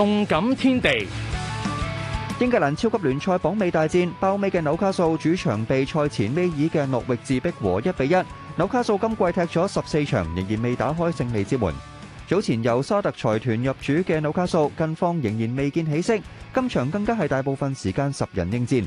動感天地，英格蘭超級聯賽榜尾大戰，包尾嘅紐卡素主場被賽前尾二嘅諾域治迫和一比一。紐卡素今季踢咗十四場，仍然未打開勝利之門。早前由沙特財團入主嘅紐卡素，近況仍然未見起色。今場更加係大部分時間十人應戰。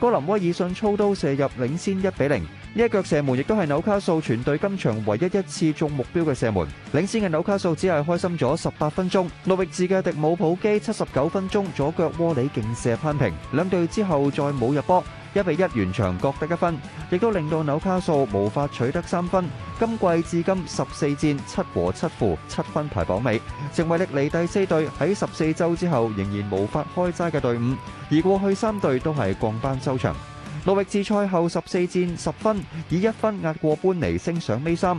哥林威爾遜操刀射入領先一比零，呢一腳射門亦都係紐卡素全隊今場唯一一次中目標嘅射門。領先嘅紐卡素只係開心咗十八分鐘，諾域治嘅迪姆普基七十九分鐘左腳窩利勁射扳平，兩隊之後再冇入波。一比一完場，各得一分，亦都令到紐卡素無法取得三分。今季至今十四戰七和七負，七分排榜尾，成為歷嚟第四隊喺十四週之後仍然無法開齋嘅隊伍。而過去三隊都係降班收場。諾域治賽後十四戰十分，以一分壓過般尼，升上尾三。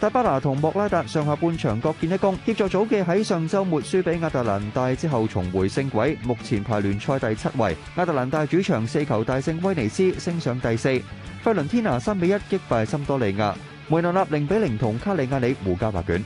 特巴拿同莫拉達上下半場各建一功，協助祖記喺上週末輸俾亞特蘭大之後重回勝軌，目前排聯賽第七位。亞特蘭大主場四球大勝威尼斯，升上第四。費倫天拿三比一擊敗森多利亞，梅內納，納零比零同卡里亞里互交白卷。